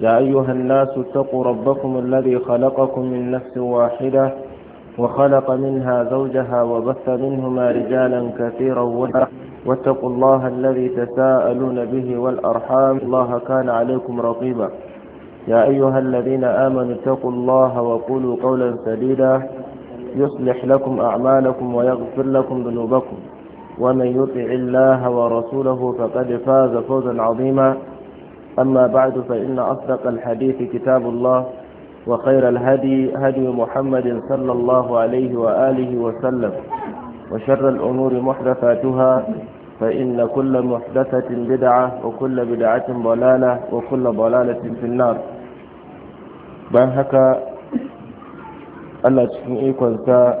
يا أيها الناس اتقوا ربكم الذي خلقكم من نفس واحدة وخلق منها زوجها وبث منهما رجالا كثيرا واتقوا الله الذي تساءلون به والأرحام الله كان عليكم رقيبا يا أيها الذين آمنوا اتقوا الله وقولوا قولا سديدا يصلح لكم أعمالكم ويغفر لكم ذنوبكم ومن يطع الله ورسوله فقد فاز فوزا عظيما أما بعد فإن أصدق الحديث كتاب الله وخير الهدي هدي محمد صلى الله عليه وآله وسلم وشر الأمور محدثاتها فإن كل محدثة بدعة وكل بدعة ضلالة وكل ضلالة في النار بان هكا الله تشكين إيكوان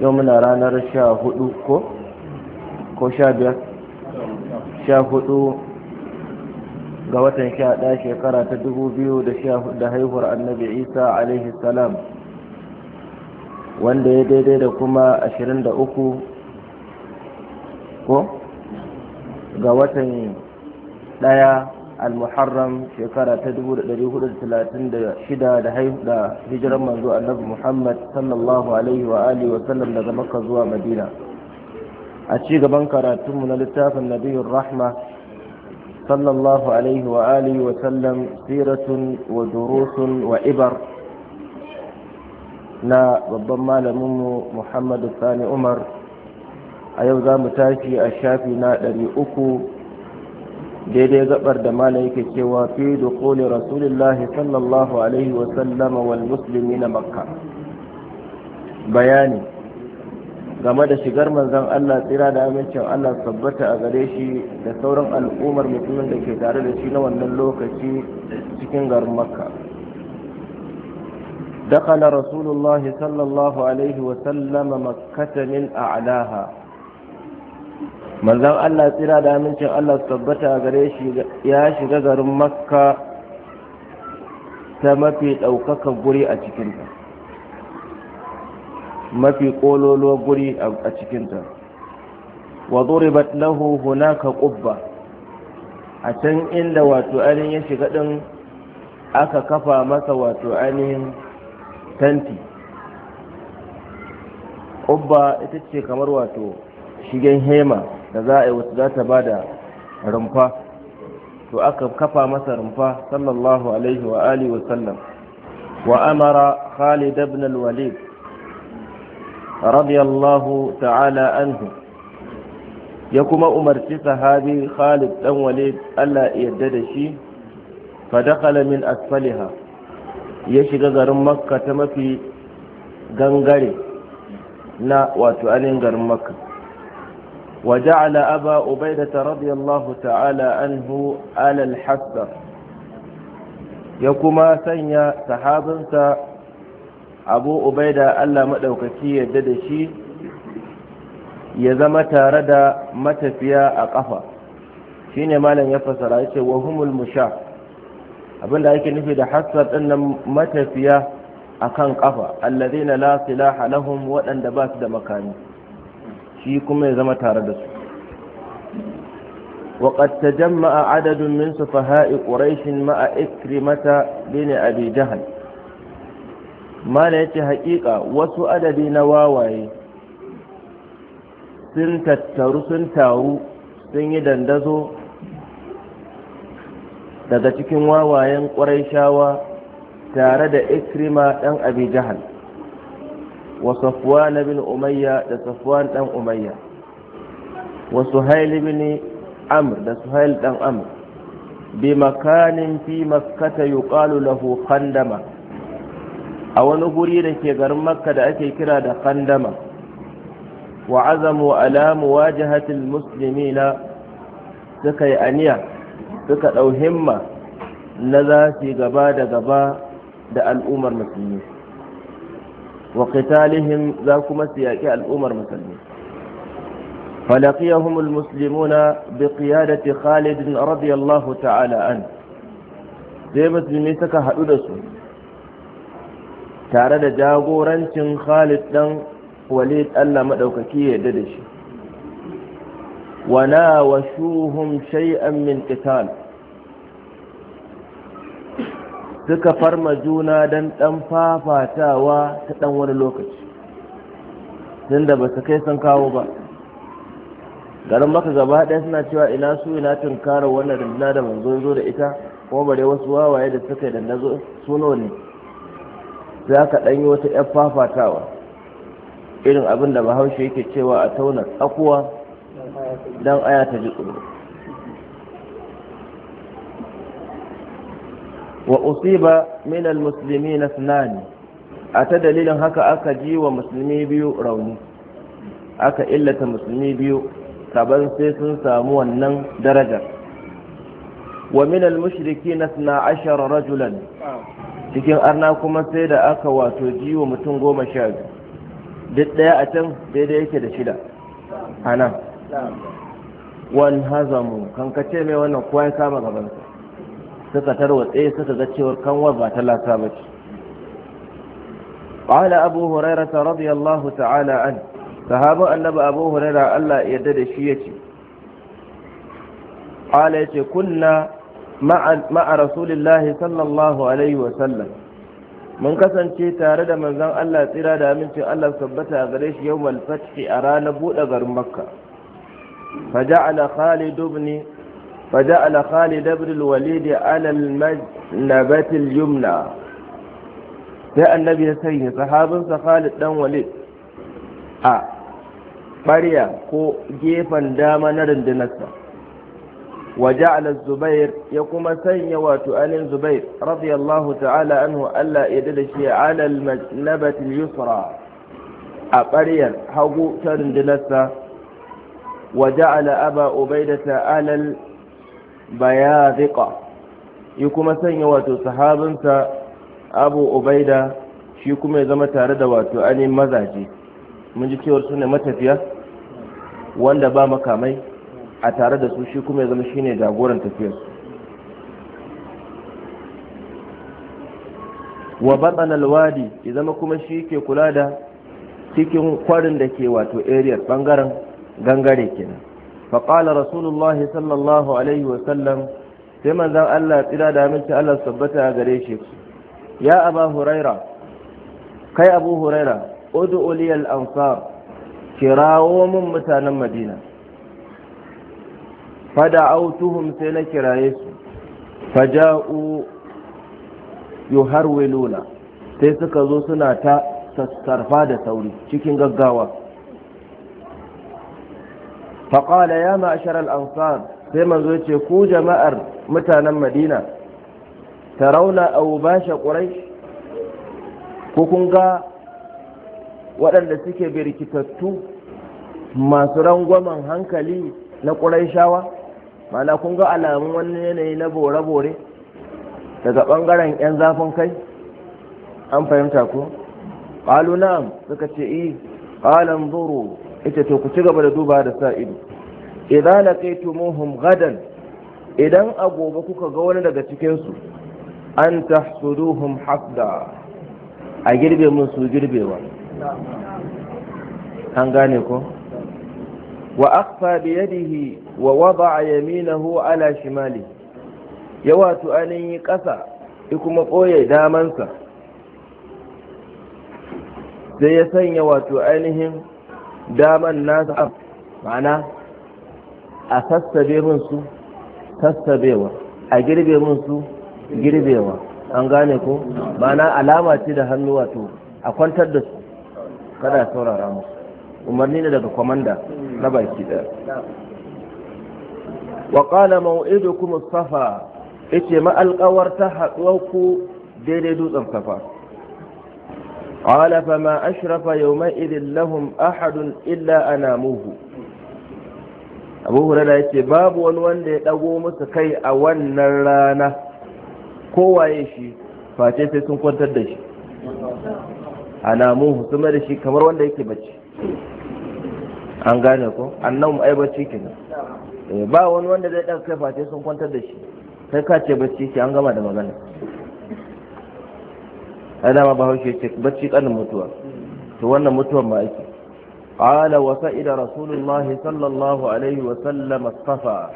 يومنا رانا رشا هدو كو كو شابير sha hudu ga watan sha ɗaya shekara ta dubu biyu da haihuwar annabi isa alaihi salam wanda ya daidai da kuma ashirin da uku ko ga watan ɗaya al-muharram shekara ta dubu da ɗari hudu da talatin da shida da da hijiran manzo annabi muhammad sallallahu alaihi wa alihi wa sallam daga makka zuwa madina a ci gaban karatunmu na littafin nabiyun rahma صلى الله عليه وآله وسلم سيرة ودروس وإبر نا ربما لمم محمد الثاني عمر أيوزا متاشي الشافي نا أكو daidai gabar da mala yake cewa fi dukuli rasulillahi sallallahu alaihi wasallama wal muslimi na makka bayani game da shigar manzon Allah tsira da amincin Allah tabbata a gare shi da sauran al'ummar mutumin da ke tare da shi na wannan lokaci cikin garin makka دخل رسول الله صلى الله عليه وسلم مكة من أعلاها من ذا الله ترى دا من الله ثبت أغريش يا شغر مكة تمفي أو كك بري أتكنت mafi kololo guri a cikinta wa duribat lahu hunaka qubba a can inda wato ainihin ya shiga din aka kafa masa wato ainihin tanti qubba ita ce kamar wato shigen hema da za a yi wasu za ta ba da rumfa to aka kafa masa rumfa sallallahu alaihi wa alihi wa sallam wa amara khalid ibn al-walid radiyallahu ta'ala anhu ya kuma umarci sahabi Khalid dan Walid Allah yarda da shi fa dakhala min asfaliha ya shiga garin Makka ta mafi gangare na wato anin garin Makka wa ja'ala aba ubaida radiyallahu ta'ala anhu Alal al ya kuma sanya sahabinsa abu ubaida allah maɗaukaki yadda da shi ya zama tare da matafiya a ƙafa shine malam ya fasara ya ce wa humul musha abinda ake nufi da hassar ɗinnan matafiya a kan ƙafa allazina la silaha lahum waɗanda ba su da makami shi kuma ya zama tare da su وقد تجمع عدد من سفهاء قريش مع إكرمة بن أبي جهل mala ya ce haƙiƙa wasu adadi na wawaye sun tattaru sun taru sun yi dandazo daga cikin wawayen ƙwarai shawa tare da ikrima ɗan abi jahal wa safwan bin umayya da safwan ɗan umayya wa suhail bin amr da suhail ɗan amr bi makanin fi makkata yuqalu lahu khandama a wani guri da ke garin makka da ake kira da kandama wa azamu ala muwajahatil muslimina suka yi aniya suka ɗau himma na za su gaba da gaba da al'ummar musulmi wa qitalihim za kuma su yaƙi al'ummar musulmi فلقيهم المسلمون بقيادة خالد رضي الله تعالى عنه sai musulmi suka haɗu da su tare da jagorancin khalid dan walid allah maɗaukaki ya yarda da shi wana wa shay'an min qital suka farma juna don ɗan fafatawa ta ɗan wani lokaci tunda ba su kai sun kawo ba garin maka gaba ɗaya suna cewa ina su ina tunkarar wannan rundunar da manzo zo da ita kuma bare wasu wawaye da suka yi dandazo su ne za ka ɗanyi wata ‘yar fafatawa irin abin da bahaushe yake cewa a tauna tsakuwa don aya ta ji tsoro wa usiba minal musulmi na sunani a ta dalilin haka aka ji wa musulmi biyu rauni aka illata musulmi biyu kaban sai sun samu wannan darajar wa minal almushriki na suna ashirar rajulan cikin arna kuma sai da aka wato wa mutum goma sha biyu duk ɗaya a can daidai yake da shida a nan wani hazamu ce mai wannan kuwa ya kama gabansa suka tarwatse suka ga cewar kanwar ba ta lasa ba ce قال أبو هريرة رضي الله تعالى عنه Allah النبى أبو هريرة ya يدد الشيء قال يتي كنا ma'a rasulillahi sallallahu alaihi wasallam mun kasance tare da manzon Allah tsira da amincin Allah sabbata a gare shi yawmal fathi a ranar buɗe garin makka faja'ala khalid ibn faja'ala khalid ibn al-walid ala sai annabi ya sanya sahabinsa khalid ɗan walid a ɓarya ko gefen dama na rundunarsa wa ja'ala zubair ya kuma sanya wato alin zubair radiyallahu ta'ala anhu Allah ya dada shi ala al-majnabati yusra a ƙaryar hagu ta rundunarsa wa ja'ala aba ubaidata ala al-bayadiqa ya kuma sanya wato sahabinsa abu ubaida shi kuma ya zama tare da wato alin mazaje mun ji cewar su ne matafiya wanda ba makamai a tare da su shi kuma ya zama shi ne jagoran tafiyarsu wa batsan alwadi ya zama kuma shi ke kula da cikin kwarin da ke wato Eriyar bangaren gangare kenan faƙala rasulullah sallallahu alaihi wasallam sai manzan allah tsira da aminci allah sabbata a gare shi ya aba huraira kai abu huraira udu uliyal ansar kirawo mun mutanen madina fada'autuhum sai na kiraye su faja'u yuharwiluna sai suka zo suna ta sassarfa da sauri cikin gaggawa faƙala ya ma'ashar al'ansar sai manzo ce ku jama'ar mutanen madina ta rauna abu bashe ƙurai ko kun ga waɗanda suke birkitattu masu rangwamen hankali na ƙurai shawa mana kun ga alamun wani yanayi na bore-bore daga ɓangaren 'yan zafin kai an fahimta ko ƙalu na'am suka ce yi eh, ƙalan zuru ita to ku ci gaba da duba da sa ido idan na kai laqaytumuhum gadan idan a gobe kuka ga wani daga cikinsu an tahsuduhum hafda a girbe mun su girbewa an gane ko wa akfa biyadihi wa wada yaminahu ala shimali ya wato anin yi ƙasa ya kuma ɓoye damansa sai ya sanya wato ainihin daman nasa ma'ana a sassabe min su sassabewa a girbe min su girbewa an gane ko ma'ana alama ce da hannu wato a kwantar da su kada saurara musu umarni ne daga kwamanda na baki ɗaya wa qala maw'idukum as-safa yace ma alƙawar ta haɗuwar daidai dutsen safa qala fa ma ashrafa yawma idin lahum ahadun illa anamuhu abu hurara yace babu wani wanda ya ɗago musu kai a wannan rana kowaye shi face sai sun kwantar da shi anamuhu su da shi kamar wanda yake bacci an gane ko annan ai bacci kenan Eh, ba wani wanda zai ɗan kai face sun kwantar da shi sai ka ce bacci ke an gama da magana a dama ba haushe ce bacci ƙanin mutuwa to wannan mutuwan ma ake ala wa sa'ida rasulullahi sallallahu alaihi wa sallam safa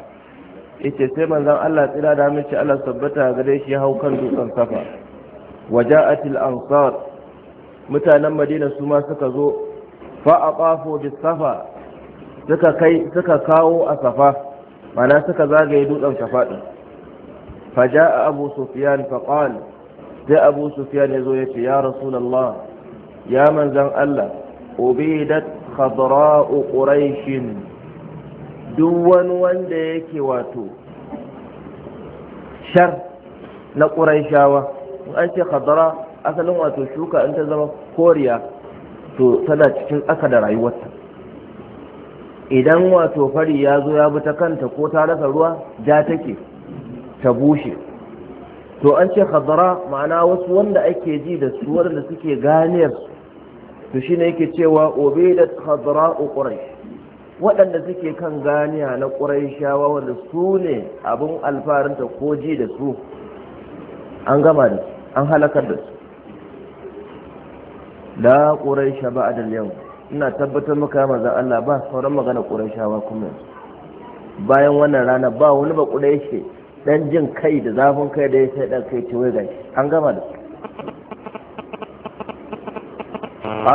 yace sai manzon Allah tsira da mace Allah tabbata gare shi hau kan dutsen safa waja'at al-ansar mutanen madina su ma suka zo fa aqafu bis safa suka kai suka kawo a safa mana suka zagaye dutsen safa din faja'a abu sufyan faqal sai abu sufyan yazo yace ya rasulullah ya manzan Allah ubidat khadra'u quraish duk wani wanda yake wato shar na quraishawa in an ce khadra asalin wato shuka in ta zama koriya to tana cikin aka da rayuwarta idan wato fari ya zo ya bi ta kanta ko ta rasa ruwa ja take ta bushe to an ce khadara ma'ana wasu wanda ake ji da su wanda suke ganiyar to shine yake cewa ubaidat khadara quraish waɗanda suke kan ganiya na quraishawa wanda su ne alfarin ta ko ji da su an gama da su an halakar da su la quraish ba'da al-yawm ina tabbatar maka manzon Allah ba sauran magana Qurayshawa kuma bayan wannan rana ba wani ba Qurayshi dan jin kai da zafin kai da ya sai dan kai ce wai gashi an gama da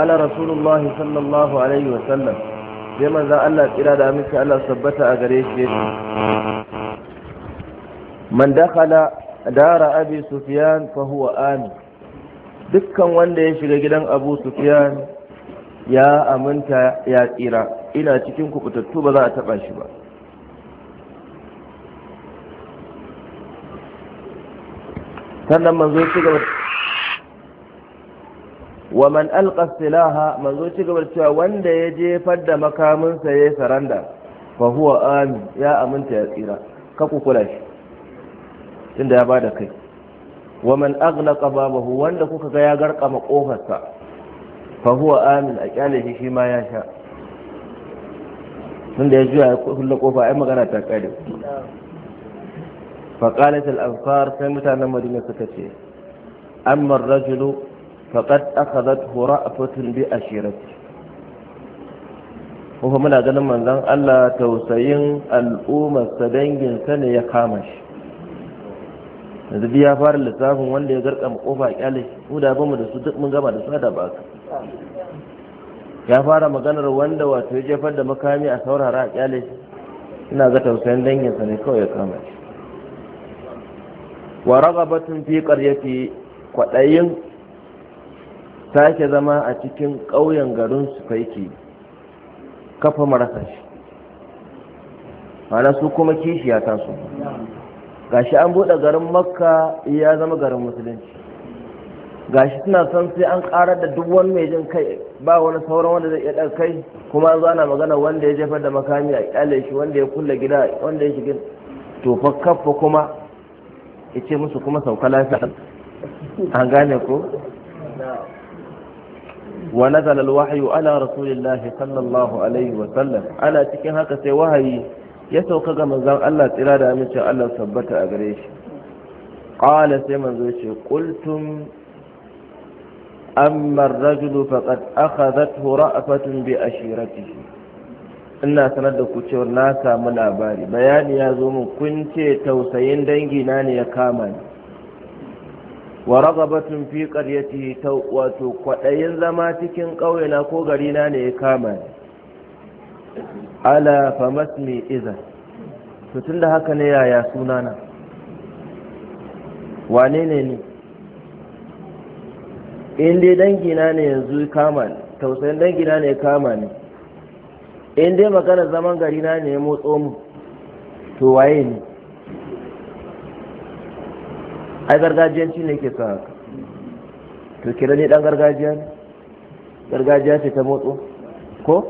ala رسول sallallahu alaihi wa sallam sai manzan Allah tsira da amince Allah sabbata a gare shi man dakhala dara abi sufyan fa huwa amin dukkan wanda ya shiga gidan abu sufyan ya aminta ya tsira ina cikin kubutattu ba za a taba shi ba sannan manzo ci gaba wa man alqa silaha manzo ci gaba cewa wanda ya jefar da makaminsa ya saranda fa huwa amin ya aminta ya tsira ka kula shi tunda ya bada kai wa man aghlaqa babahu wanda kuka ga ya garkama kofarsa fa amin a kyale shi shi ma ya sha tun da ya juya ya kulle kofa ai magana ta kare fa qalat al ansar sai mutanen madina suka ce amma ar-rajulu faqad akhadathu ra'fatun bi ashirati kuma muna ganin manzon Allah tausayin al'ummar sa dangin sa ne ya kama shi yanzu biya fara lissafin wanda ya garka mu kofa kyale mu da bamu da su duk mun gama da su da ba ya fara maganar wanda wato ya jefar da makami a saurara a kyale ina ga tausayin danginsa ne kawai ya kama shi wa ragabatun fi qaryati kwadayin sake zama a cikin ƙauyen garin su faiki kafa marasa shi ana su kuma kishiya ta su gashi an buɗe garin makka eh, ya zama garin musulunci gashi suna son sai an karar da duk wani mai jin kai ba wani sauran wanda zai iya kai kuma an ana magana wanda ya jefar da makami a kyale shi wanda ya kulle gida wanda ya shiga tofa kafa kuma ya ce musu kuma sauka lafiya an gane ko wa nazala alwahyu ala rasulillahi sallallahu alaihi wa sallam ana cikin haka sai wahayi ya sauka ga manzon Allah tsira da amince Allah sabbata a gare shi qala sai manzo ce qultum amma ar-rajulu faqad akhadathu ra'fatun bi ashiratihi ina sanar da ku cewa na samu labari bayani ya zo min kun ce tausayin dangi na ne ya kama ni wa ragabatun fi qaryati wato kwadayin zama cikin ƙauye na ko gari na ne ya kama ni ala famasmi izan to tun da haka ne yaya sunana wane ne ni in dai dangina ne yanzu kama ni tausayin dangina ne kama ni in dai magana zaman gari na ne ya motso mu to waye ne ai gargajiyanci ne ke sa haka to kira ne dan gargajiya ne gargajiya ce ta motso ko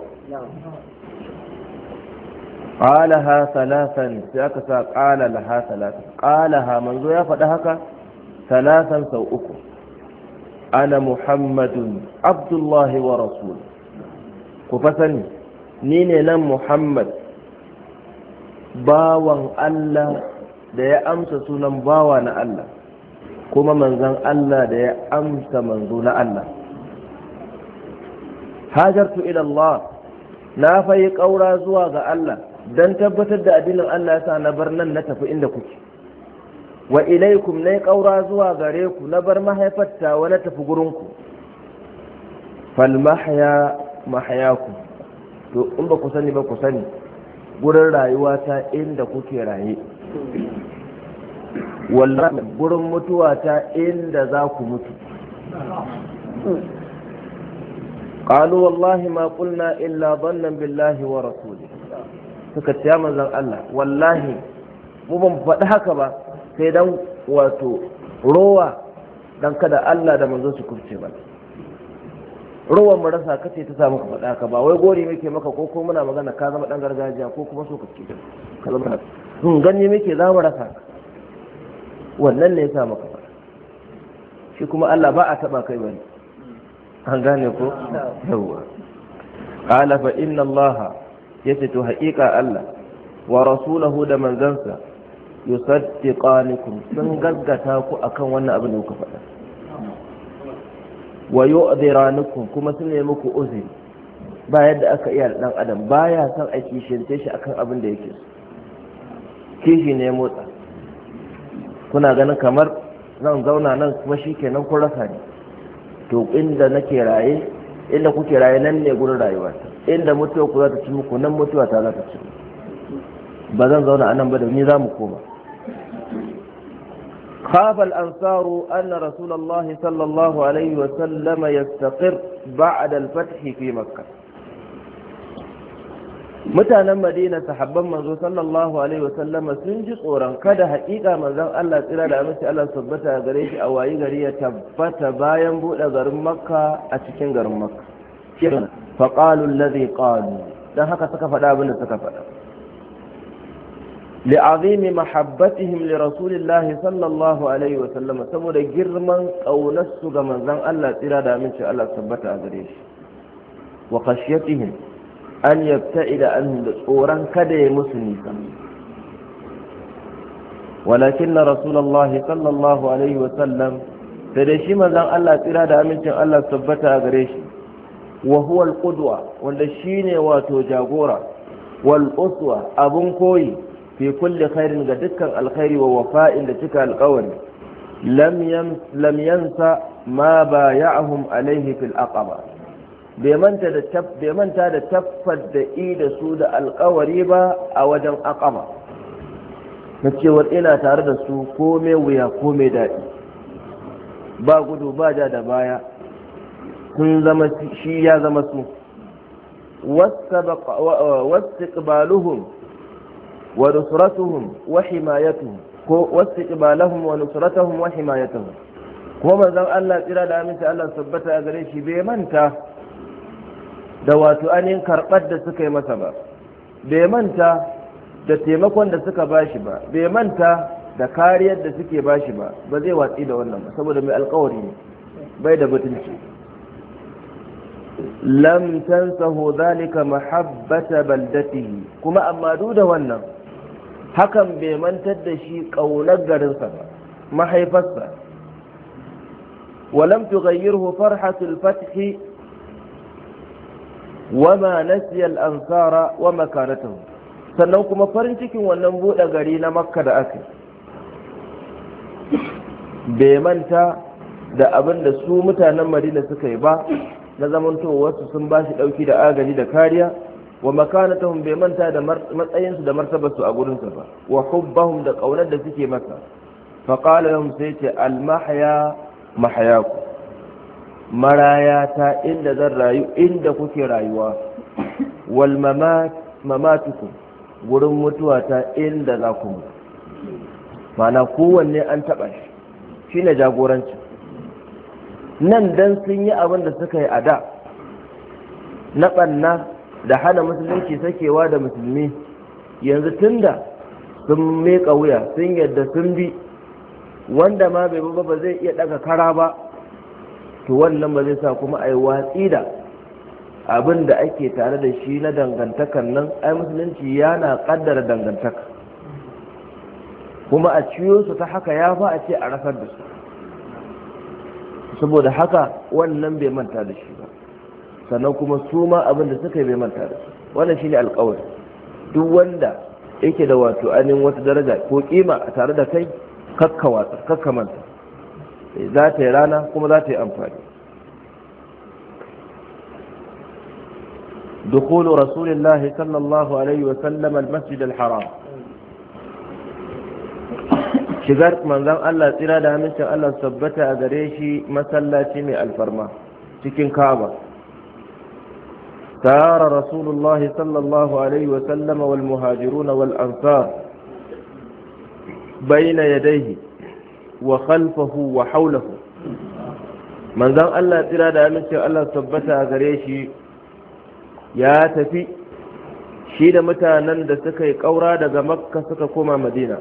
ha salasan sai aka sa qala laha salasan ha manzo ya faɗi haka salasan sau uku ana muhammadun abdullahi wa rasul ku fa ni ne nan muhammad bawan allah da ya amsa sunan bawa na allah kuma manzan allah da ya amsa manzo na allah hajartu ila allah na fayi ƙaura zuwa ga allah don tabbatar da addinin Allah ya sa na bar nan na tafi inda kuke wa ilaikum na ƙaura zuwa gare ku na bar mahaifarta wa na tafi gurinku falmahaya mahayaku to in ba ku sani ba ku sani gurin rayuwa ta inda kuke raye wallahi gurin mutuwa ta inda za ku mutu قالوا والله ما قلنا إلا ظنا بالله ورسوله suka ce manzan Allah wallahi mu ban faɗi haka ba sai dan wato rowa dan kada Allah da manzo su kurce ba rowa mu rasa kace ta samu ka faɗa haka ba wai gori muke maka ko ko muna magana ka zama dan gargajiya ko kuma so kake ka zama mun hmm, ganye muke za mu rasa wannan ne ya sa maka faɗa shi kuma Allah ba a taɓa kai bane an gane ko yawa qala fa inna allaha yace to haƙiƙa Allah wa rasulahu da manzansa yusaddiqanikum sun gaggata ku akan wannan abin da kuka faɗa wa yu'dhiranukum kuma sun nemi muku uzuri ba yadda aka iya da dan adam baya son a kishinte shi akan abin da yake so kishi ne motsa kuna ganin kamar zan zauna nan kuma shikenan kun rasa ni to inda nake raye inda kuke raye nan ne gurin rayuwa inda mutuwa ku za ta ci muku nan mutuwa ta za ta ci ba zan zauna anan ba da ni za mu koma خاف الأنصار أن رسول الله صلى الله عليه وسلم يستقر بعد الفتح في مكة mutanen madina sahabban manzo sallallahu alaihi wasallama sun ji tsoron kada haƙiƙa manzon Allah tsira da aminci Allah tabbata gare shi a wayi gari ya tabbata bayan buɗe garin makka a cikin garin makka fa qalu allazi qalu dan haka suka faɗa abin da suka faɗa li'azimi mahabbatihim li rasulillahi sallallahu alaihi wasallama saboda girman ƙaunarsu ga manzon Allah tsira da aminci Allah tabbata a gare shi an yabta'ida an da tsoron kada ya musu nisa walakin na rasulallahi sallallahu alaihi wasallam da da shi mazan Allah tsira da amincin Allah tabbata a gare shi wa huwa alqudwa wanda shine wato jagora wal uswa abun koyi fi kulli khairin ga dukkan alkhairi wa wafa'in da cika alkawari lam yansa ma ahum alaihi fil aqaba bai manta da tabbas da i da su da alkawari ba a wajen akama na cewar ina tare da su kome wuya kome daɗi ba gudu ba ja da baya sun zama shi ya zama su wasu wa nusratuhum wa himayatuhum ko wasu ibalahum wa nusratuhum wa himayatuhum kuma manzon Allah tsira da aminta Allah sabbata a gare shi bai manta da wato anin karɓar da suka yi masa ba bai manta da taimakon da suka bashi ba bai manta da kariyar da suke bashi ba ba zai watsi da wannan ba saboda mai alkawari ne bai da mutunci lam tansahu zalika mahabbata baldatihi kuma amma duk da wannan hakan bai mantar da shi kaunar garinsa ba mahaifarsa ولم تغيره فرحة الفتح wama nasiyal ansara wa makanatuhu sannan kuma farin cikin wannan buɗe gari na makka da aka bai manta da abin da su mutanen madina suka yi ba na wasu sun ba shi ɗauki da agaji da kariya wa makanatuhum bai manta da matsayinsu da martabarsu a gurin sa ba wa hubbahum da kaunar da suke masa faƙala lahum sai ce mahya mahyaku maraya ta inda zan rayu inda kuke rayuwa wal mamatukum gurin mutuwa ta inda za ku mutu mana kowanne an taɓa shi shi ne jagoranci nan dan sun yi abin da suka yi a da na ɓanna da hana musulunci sakewa da musulmi yanzu tunda sun meka wuya sun yadda sun bi wanda ma bai ba ba zai iya ɗaga kara ba to wannan ba zai sa kuma a yi watsi da abin da ake tare da shi na dangantakar nan ai musulunci yana kaddara dangantaka kuma a ciyo su ta haka ya fa a ce a rasar da su saboda haka wannan bai manta da shi ba sannan kuma su ma abin da suka yi bai manta da su wannan shi ne alkawari duk wanda yake da wato ainihin wata daraja ko kima tare da kai kakka watsa kakka manta za ta yi rana kuma za ta yi amfani دخول رسول الله صلى الله عليه وسلم المسجد الحرام shigar manzon Allah tsira da hamishin Allah sabbata a gare shi masallaci mai alfarma cikin Kaaba tara Rasulullah sallallahu alaihi wa sallam wal muhajirun wal ansar baina yadayhi wa khalfahu wa haulahu manzan Allah tsira da amincin Allah tabbata gare shi ya tafi shi da mutanen da suka yi kaura daga makka suka koma madina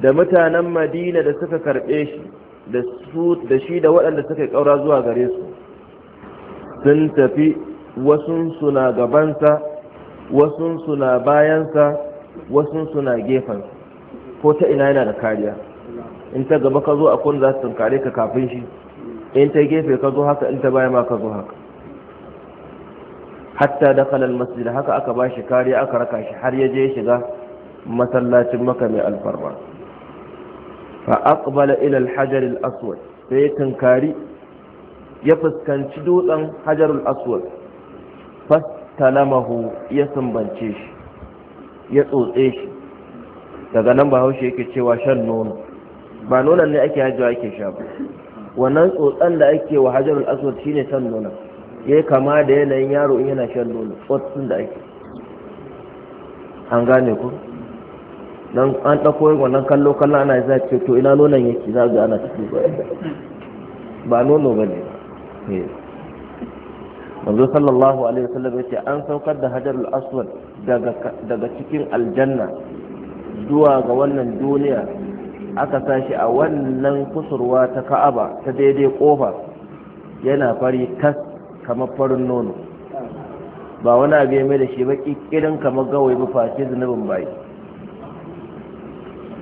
da mutanen madina da suka karbe shi da su da shi da waɗanda suka yi kaura zuwa gare su sun tafi wasun suna gabansa wasun suna bayansa wasun suna gefen ko ta ina yana da kariya in ta gaba ka zo a kun za ta tunkare ka kafin shi in ta gefe ka zo haka in ta baya ma ka zo haka hatta da kalal masjid haka aka ba shi kariya aka raka shi har ya je shiga masallacin maka mai alfarma fa aqbala ila al-hajar al-aswad sai tunkari ya fuskanci dutsen hajar al-aswad fastalamahu ya sumbance shi ya tsotse shi daga nan ba bahaushe yake cewa shan nono ba nonon ne ake hajjawa ake sha ba wannan tsotsan da ake wa hajarul aswad shine shan nonon ya kama da yanayin yaro in yana shan nono tsotsin da ake an gane ku dan an ɗauko wannan kallo kallo ana za ce to ina nonon yake za ga ana tafi ba nono ba ne ba eh. manzo sallallahu alaihi wasallam yace an saukar da al aswad daga daga cikin aljanna zuwa ga wannan duniya aka sashi a wannan kusurwa ta ka'aba ta daidai kofa yana fari tas kamar farin nono ba wani abu ya mai da shi ba kirin kamar gawai ba face zunubin bayi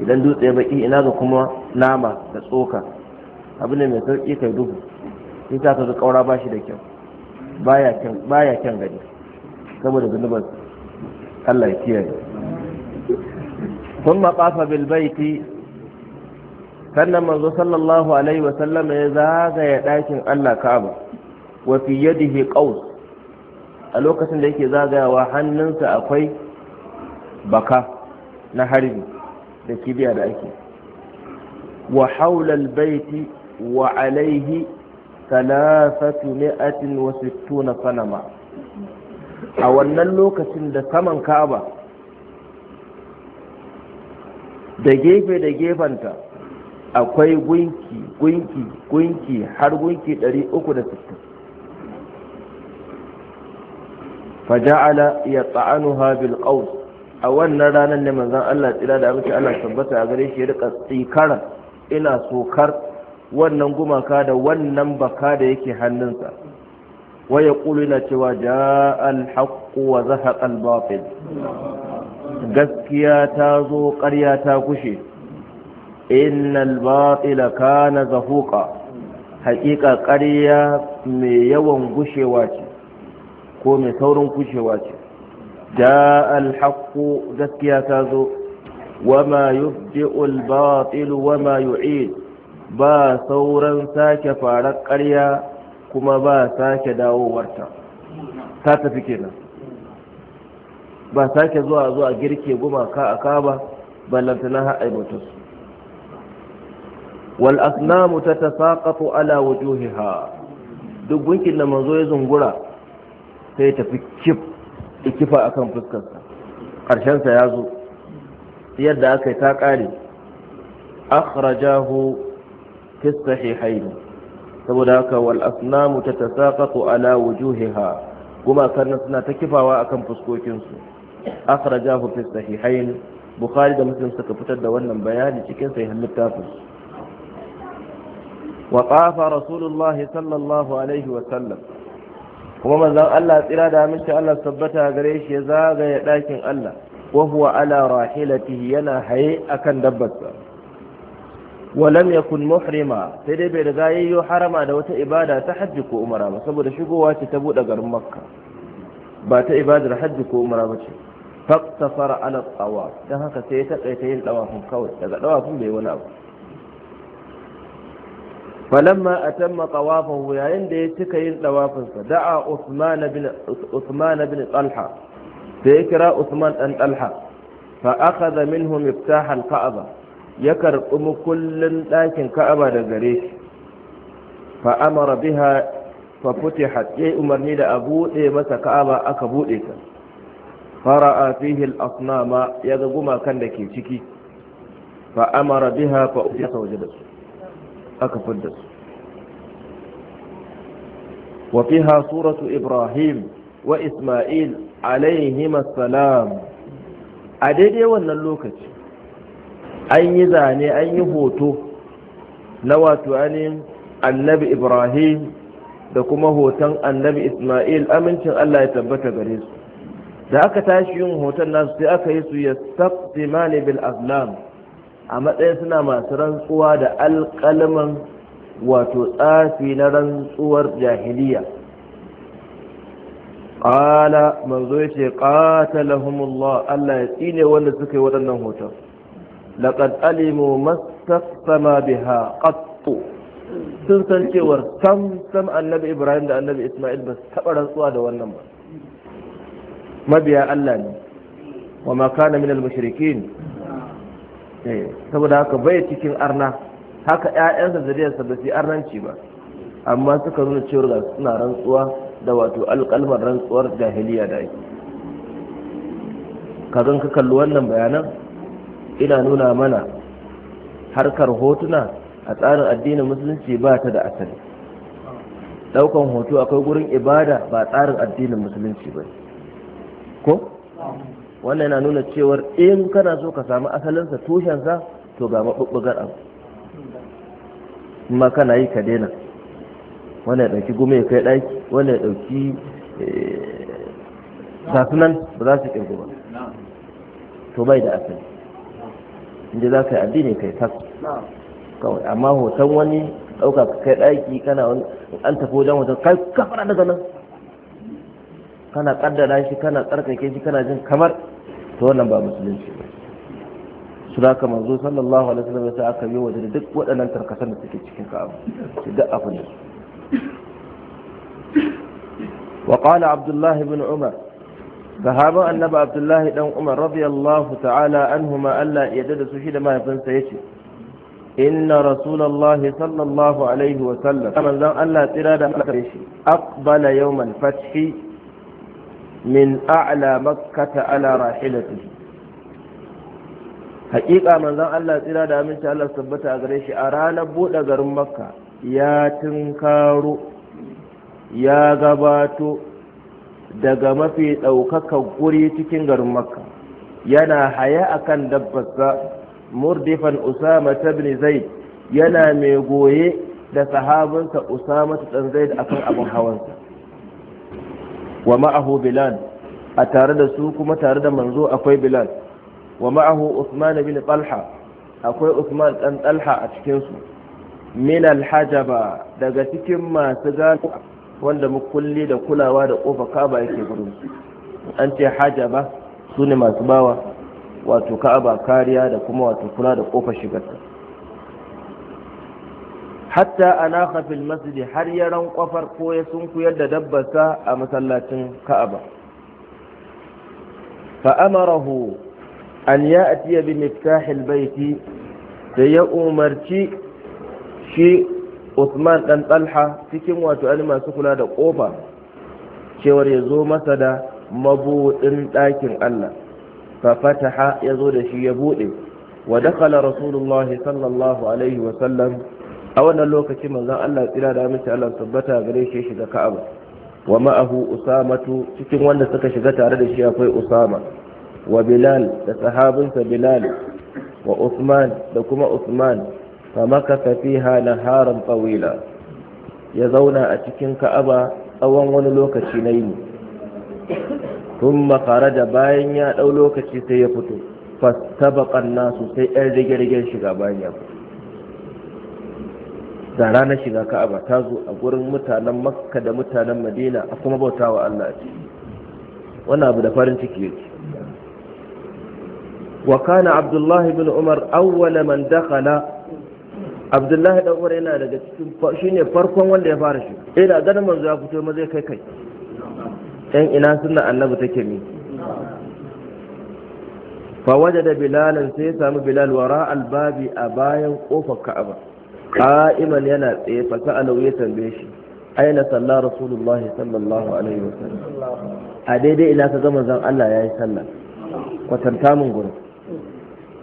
idan dutse baki ina ga kuma nama da tsoka abu ne mai sauki kai duhu sai ta ka kaura ba shi da kyau baya kyan gani saboda zunubin Allah ya kiyaye ثم طاف بالبيت sannan manzo sallallahu alaihi wa sallama ya zagaya ɗakin Allah Ka'aba wa fi yadihi qaus a lokacin da yake zagayawa hannunsa akwai baka na harbi da kibiya da ake wa haula albayti wa alaihi thalathatu mi'atin wa sittuna sanama a wannan lokacin da saman Ka'aba da gefe da gefenta akwai gunki gunki gunki har gunki 360 faja'ala ya tsa'anuha bil qaus a wannan ranar ne manzon Allah tsira da abinci Allah tabbata a gare shi ya rika tsikara ina sokar wannan gumaka da wannan baka da yake hannunsa wa ya na cewa ja'al haqqu wa zahaqa al batil gaskiya ta zo ƙarya ta kushe innal batila kana zahuqa haƙiƙa ƙarya mai yawan gushewa ce ko mai saurin gushewa ce da alhaqqu gaskiya ta zo wama yubdi'u albatil wama yu'id ba sauran sake farar ƙarya kuma ba sake dawowarta ta tafi kenan ba sake zuwa zuwa girke gumaka a kaba ballantana har aibatarsu wal asnamu tatasaqatu ala wujuhiha duk gunkin da manzo ya zungura sai tafi kif ikifa akan fuskarsa karshen sa ya zo yadda aka yi ta kare akhrajahu fi sahihain saboda haka wal asnamu tatasaqatu ala wujuhiha kuma kan suna ta kifawa akan fuskokinsu, su akhrajahu fi sahihain bukhari da muslim suka fitar da wannan bayani cikin sahihan littafin وطاف رسول الله صلى الله عليه وسلم kuma manzon Allah tsira da aminci Allah tabbata gare shi ya zagaya ɗakin Allah wa huwa ala rahilatihi yana haye akan dabbarsa walam yakun muhrima sai dai bai riga yayyo harama da wata ibada ta hajji ko umara ba saboda shigowa ce ta buɗe garin makka ba ta ibadar hajji ko umara ba ce faqtasara ala tsawaf dan haka sai ya taƙaita yin tsawafin kawai daga tsawafin bai wani abu falamma atamma tawafahu yayin da ya cika yin tawafinsa da'a Usman bin Usman bin Talha sai ya kira Usman dan Talha fa akhadha minhu miftah al-Ka'aba ya karbi makullin dakin Ka'aba da gare shi fa amara biha fa futihat yayi umarni da a buɗe masa Ka'aba aka buɗe ta fara'a fihi al-asnama ya ga gumakan da ke ciki fa amara biha fa ufiya sawjadatu aka fidda su wa ha suratu ibrahim wa isma'il alaihima salam a daidai wannan lokaci an yi zane an yi hoto na wato ainihin annabi ibrahim da kuma hoton annabi isma'il amincin allah ya tabbata gare su da aka tashi yin hoton nasu sai aka yi su ya bil azlam a matsayin suna masu rantsuwa da alƙalman wato tsafi na rantsuwar jahiliya ƙala manzo ya ce ƙatalahumullah Allah ya tsine wanda suka yi waɗannan hoton laƙad alimu mastaqsama biha qattu sun san cewar sam sam annabi ibrahim da annabi isma'il ba su taɓa rantsuwa da wannan ba mabiya Allah ne wa ma kana minal mushrikin Eh, saboda haka bai cikin arna haka ƴaƴansa zariyarsa ba su arnanci ba amma suka nuna cewar ga suna rantsuwa da wato alƙalmar rantsuwar jahiliya da ake kagan ka kalli wannan bayanan ina nuna mana harkar hotuna a tsarin addinin musulunci ba ta da asali daukan hoto akwai gurin ibada ba tsarin addinin musulunci ba ko wannan yana nuna cewar in kana so ka samu asalinsa tushensa to ga maɓuɓɓugar abu ma kana yi ka daina wannan ya ɗauki gume kai ɗaki wannan ya ɗauki sasunan eh, ba za su ƙirgu ba to bai da asali inda za ka yi addini kai tak kawai amma hoton wani ɗauka kai ɗaki kana wani an tafi wajen wajen kai kafara daga nan kana kaddara shi kana tsarkake shi kana jin kamar to wannan ba musulunci ba su da kamar zo sallallahu alaihi wasallam sai aka yi wajen duk waɗannan tarkasan da suke cikin ka'aba su duk abu ne wa qala abdullahi ibn umar sahaban annabi abdullahi dan umar radiyallahu ta'ala anhuma Allah yadda da su shi da mahaifinsa yace إن رسول الله صلى الله عليه وسلم من زم الله ترى دم أقبل يوم الفتح min a'la makkata ala rahilati haƙiƙa manzon Allah tsira da aminci Allah tabbata a gare shi a ranar buɗe garin makka ya tunkaro ya gabato daga mafi ɗaukakar guri cikin garin makka yana haya akan dabbarsa murdifan usama bin zaid yana mai goye da sahabinsa usama ta zaid akan abin hawansa wa ma'ahu bilal a tare da su kuma tare da manzo akwai bilal wa ma'ahu usman bin talha akwai usman dan talha a cikin su min alhajaba daga cikin masu gano wanda mukulli da kulawa da kofa kaba yake gurin an ce hajaba sune masu bawa wato ka'aba kariya da kuma wato kula da kofa shigarta hatta ana fil masjid har ya ran kwafar ko ya sunkuyar da dabbarsa a masallacin ka'aba fa amarahu an ya'tiya bi miftahil baiti da ya umarci shi Usman dan Talha cikin wato ali masu kula da kofa cewar ya zo masa da mabudin ɗakin Allah fa fataha ya zo da shi ya buɗe wa dakala rasulullahi sallallahu alaihi wa sallam a wannan lokaci manzon Allah tsira da aminci Allah tabbata gare shi shiga Ka'aba wa ma'ahu Usamatu cikin wanda suka shiga tare da shi akwai Usama wa Bilal da sahabinsa Bilal wa Usman da kuma Usman fa makasa fiha naharan tawila ya zauna a cikin Ka'aba tsawon wani lokaci na yini thumma kharaja bayan ya dau lokaci sai ya fito fastabaqan nasu sai ɗan rige-rigen shiga bayan ya fito da ranar shiga ka'aba ta zo a gurin mutanen makka da mutanen madina a kuma bauta wa allah ce wannan abu da farin ciki yake wa kana abdullahi bin umar awwala man dakhala abdullahi dan umar yana daga cikin shine farkon wanda ya fara shi eh ganin manzo ya fito maza zai kai kai dan ina sunna annabi take mi fa wajada bilalan sai ya samu bilal wara babi a bayan kofar ka'aba qa'iman yana tsaye fa sa'alahu ya tambaye shi aina salla rasulullahi sallallahu alaihi wa wasallam a daidai ina ka gama zan Allah ya yi sallah kwatanta min gurin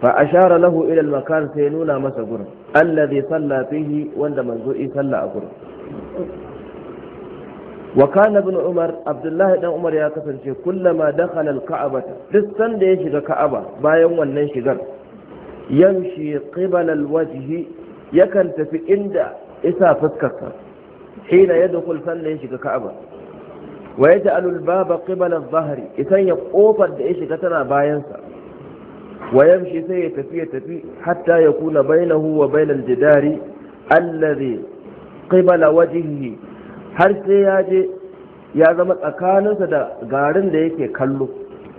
fa ashara lahu ila al-makan sai nuna masa gurin alladhi salla fihi wanda manzo yi sallah a gurin وكان ابن عمر عبد الله بن عمر يا كسنتي كلما دخل الكعبة Duk sanda ya shiga Ka'aba bayan wannan shigar yamshi qibala alwajhi yakan tafi inda isa fuskarsa hina ya dukul sannan ya shiga ka'aba wa ya ta'alul baba qibalan dhahri isan ya kofar da ya shiga tana bayansa wa yamshi sai ya tafi ya tafi hatta ya kuna bainahu wa al jidari alladhi qibala wajhihi har sai ya je ya zama tsakaninsa da garin da yake kallo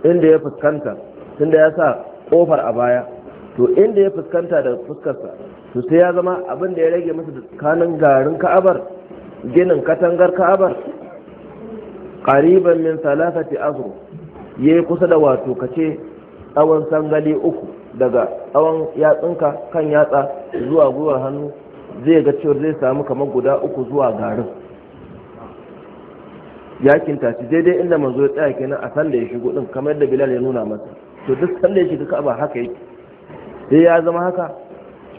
inda ya fuskanta tunda ya sa kofar a baya to inda ya fuskanta da fuskarsa su sai ya zama abin da ya rage masa tsakanin garin ka'abar ginin katangar ka'abar ƙariban min salafati azru ya yi kusa da wato ka ce tsawon sangali uku daga tsawon yatsunka kan yatsa zuwa gwiwar hannu zai ga cewar zai samu kamar guda uku zuwa garin yakin tashi daidai inda manzo ya tsaya kenan a sanda ya shigo din kamar yadda bilal ya nuna masa to duk sanda ya shiga ka'aba haka yake sai ya zama haka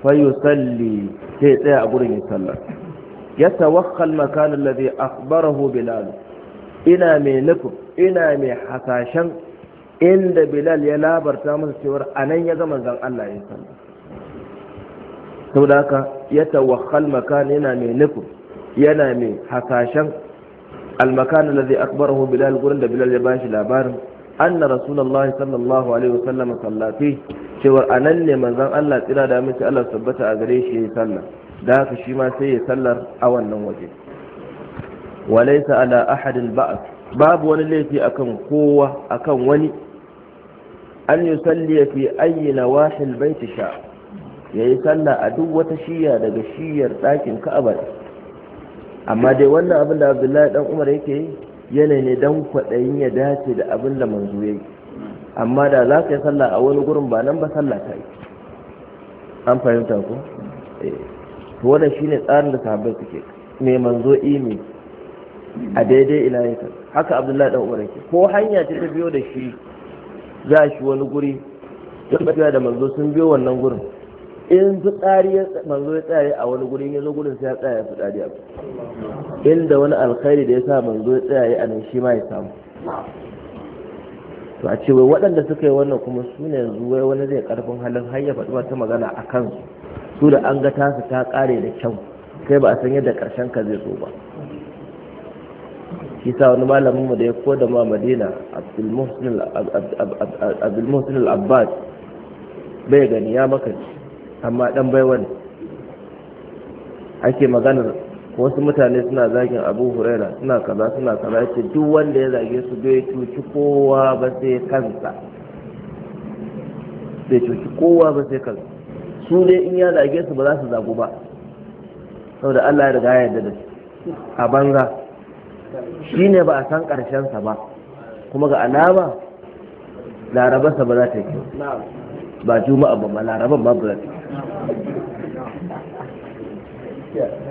fayusalli sai tsaya a gurin ya sallar ya tawakkal makanin lafi akbarahu bilal ina mai nufin ina mai hasashen inda bilal ya labarta masa cewar a nan ya gama zan allah ya sallar sau da haka ya tawakkal makanin yana mai nufin yana mai hasashen almakanin lafi akbarahu bilal gurin da bilal ya bashi labarin anna rasulullahi sallallahu alaihi wasallam sallafi cewar anan ne manzon Allah tsira da miki Allah tabbata a gare shi ya sallah da haka shi ma sai ya sallar a wannan waje walaysa ala ahadin ba'd babu wani laifi akan kowa akan wani an yusalli fi ayyi nawahil baiti sha yayi sallah a duk wata shiya daga shiyar ɗakin Ka'aba amma dai wannan abin da Abdullahi dan Umar yake yi yanayi ne don kwaɗayin ya dace da abin da manzo ya yi amma da za ka yi sallah a wani gurin ba nan ba sallah ta yi an fahimta ko eh. to wannan shine tsarin da sahabbai suke mai manzo imi a daidai ila yake haka abdullahi dan umar yake ko hanya ce ta biyo da shi za shi wani guri duk tafiya da manzo sun biyo wannan gurin in fitsari tsari manzo ya tsaya a wani guri ya zo gurin sai ya tsaya su fitsari a inda wani alkhairi da ya sa manzo ya tsaya a nan shi ma ya samu to a ce wai waɗanda suka yi wannan kuma su ne yanzu wai wani zai karfin halin har ya faɗi wata magana a kansu su da an ga tasu ta ƙare da kyau kai ba a san yadda ƙarshen ka zai zo ba shi sa wani malamin mu da ya koda ma madina muhsin al-abbas bai gani ya maka amma dan bai wani ake maganar wasu mutane suna zagin abu huraira suna kaza suna kaza yace duk wanda ya zage su bai cuci kowa ba sai kansa bai cuci kowa ba sai kansa su ne in ya zage su ba za su zagu ba saboda Allah ya riga ya yarda da su a banza shi ne ba a san karshen sa ba kuma ga alama laraba sa ba za ta yi ba juma'a ba ma laraban ba ba za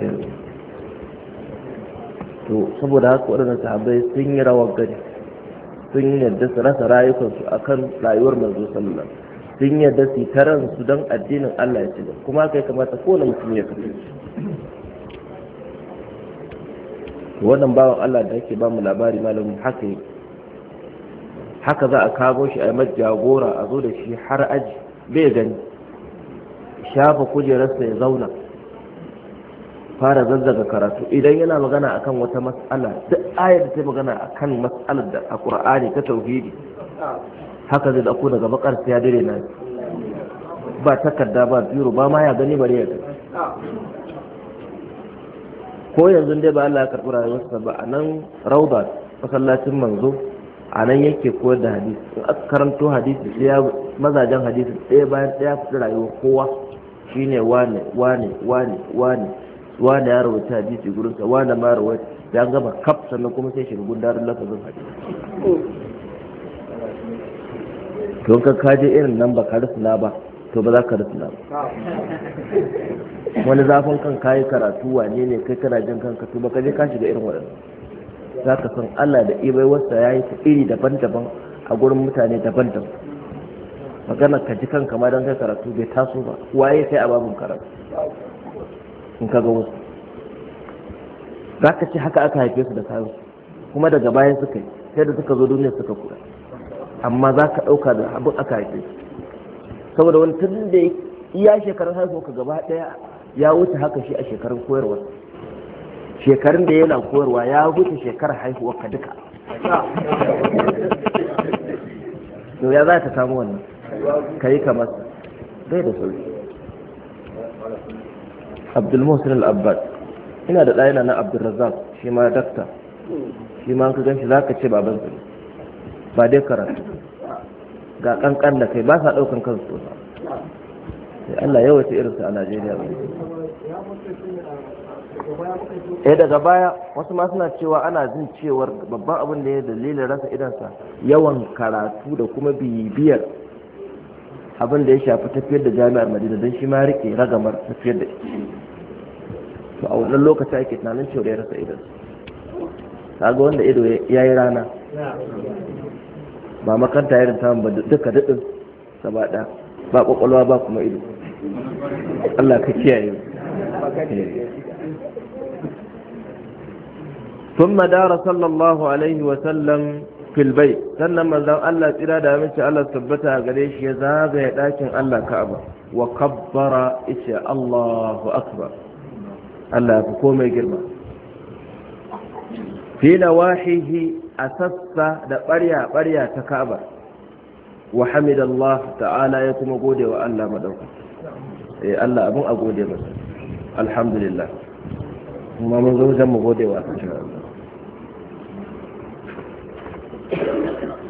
ta yi to saboda haka waɗannan sahabbai sun yi rawar gani sun yadda su rasa rayukansu akan rayuwar manzo sallallahu sun yadda su taran su don addinin Allah ya ci kuma haka ya kamata kowane mutum ya kasance wannan bawan Allah da yake ba mu labari malamin haka yi haka za a kago shi a yi majagora a zo da shi har aji bai gani shafa kujerarsa ya zauna fara zazzaga karatu idan yana magana akan wata matsala duk ayar da ta magana akan matsalar da a qur'ani ta tauhidi haka zai dauko daga bakar sai ya dare na ba takarda ba biro ba ma ya gani bare ya ko yanzu dai ba Allah ya karɓi rayuwarsa ba a nan rauda masallacin manzo a nan yake koyar da hadisi in aka karanto hadisi sai mazajen hadisi ɗaya bayan ɗaya fita rayuwar kowa shine wane wane wane wane wanda ya a hadisi gurinsa sa wanda ma rawar ya gama kaf sannan kuma sai shiga gundarin lafazin hadisi to ka kaje irin nan ba ka rusuna ba to ba za ka rusuna ba wani zafin kan kayi karatu wane ne kai kana jin kanka to ba ka je ka shiga irin waɗannan za ka san Allah da ibai wasa ya yi iri daban-daban a gurin mutane daban-daban magana ka ji kanka ma don kai karatu bai taso ba waye sai a babin karatu in ka ga wasu za ka ce haka aka haife su da kayan kuma daga baya suka yi sai da suka zo duniya suka kura amma za ka ɗauka da abin aka haife su saboda wani tun da iya shekarun haifu ka gaba ɗaya ya wuce haka shi a shekarun koyarwa shekarun da yana koyarwa ya wuce shekarar haihuwa ka duka to ya za ta samu wannan ka yi kamar bai da sauri abdul muhsin al ina da ɗaya na abdul razzaq shi ma dakta shi ma ka ganshi zaka ce baban su ba dai karatu ga kankan da kai ba sa daukan kansu sosai sai Allah yawa ce irinsu a Najeriya ba eh daga baya wasu ma suna cewa ana jin cewar babban abin da ya dalilin rasa idansa yawan karatu da kuma bibiyar abin da ya shafi tafiyar da jami'ar madina don shi ma rike ragamar tafiyar da ita. to a wannan lokaci ake tunanin cewa ya rasa idan kaga wanda ido ya yi rana ba makanta irin tamu ba duka daɗin gaba ɗaya ba ƙwaƙwalwa ba kuma ido Allah ka kiyaye ثم دار صلى الله عليه وسلم filbai sannan manzon Allah tsira da aminci Allah tabbata gare shi ya zagaya ɗakin Allah Ka'aba wa kabbara ishe Allahu akbar Allah ya komai girma fi wahihi a sassa da ɓarya ɓarya ta Ka'aba wa hamidallah ta'ala ya kuma gode wa Allah maɗauka eh Allah abin a gode masa alhamdulillah kuma mun zo wajen mu gode wa Allah なるほど。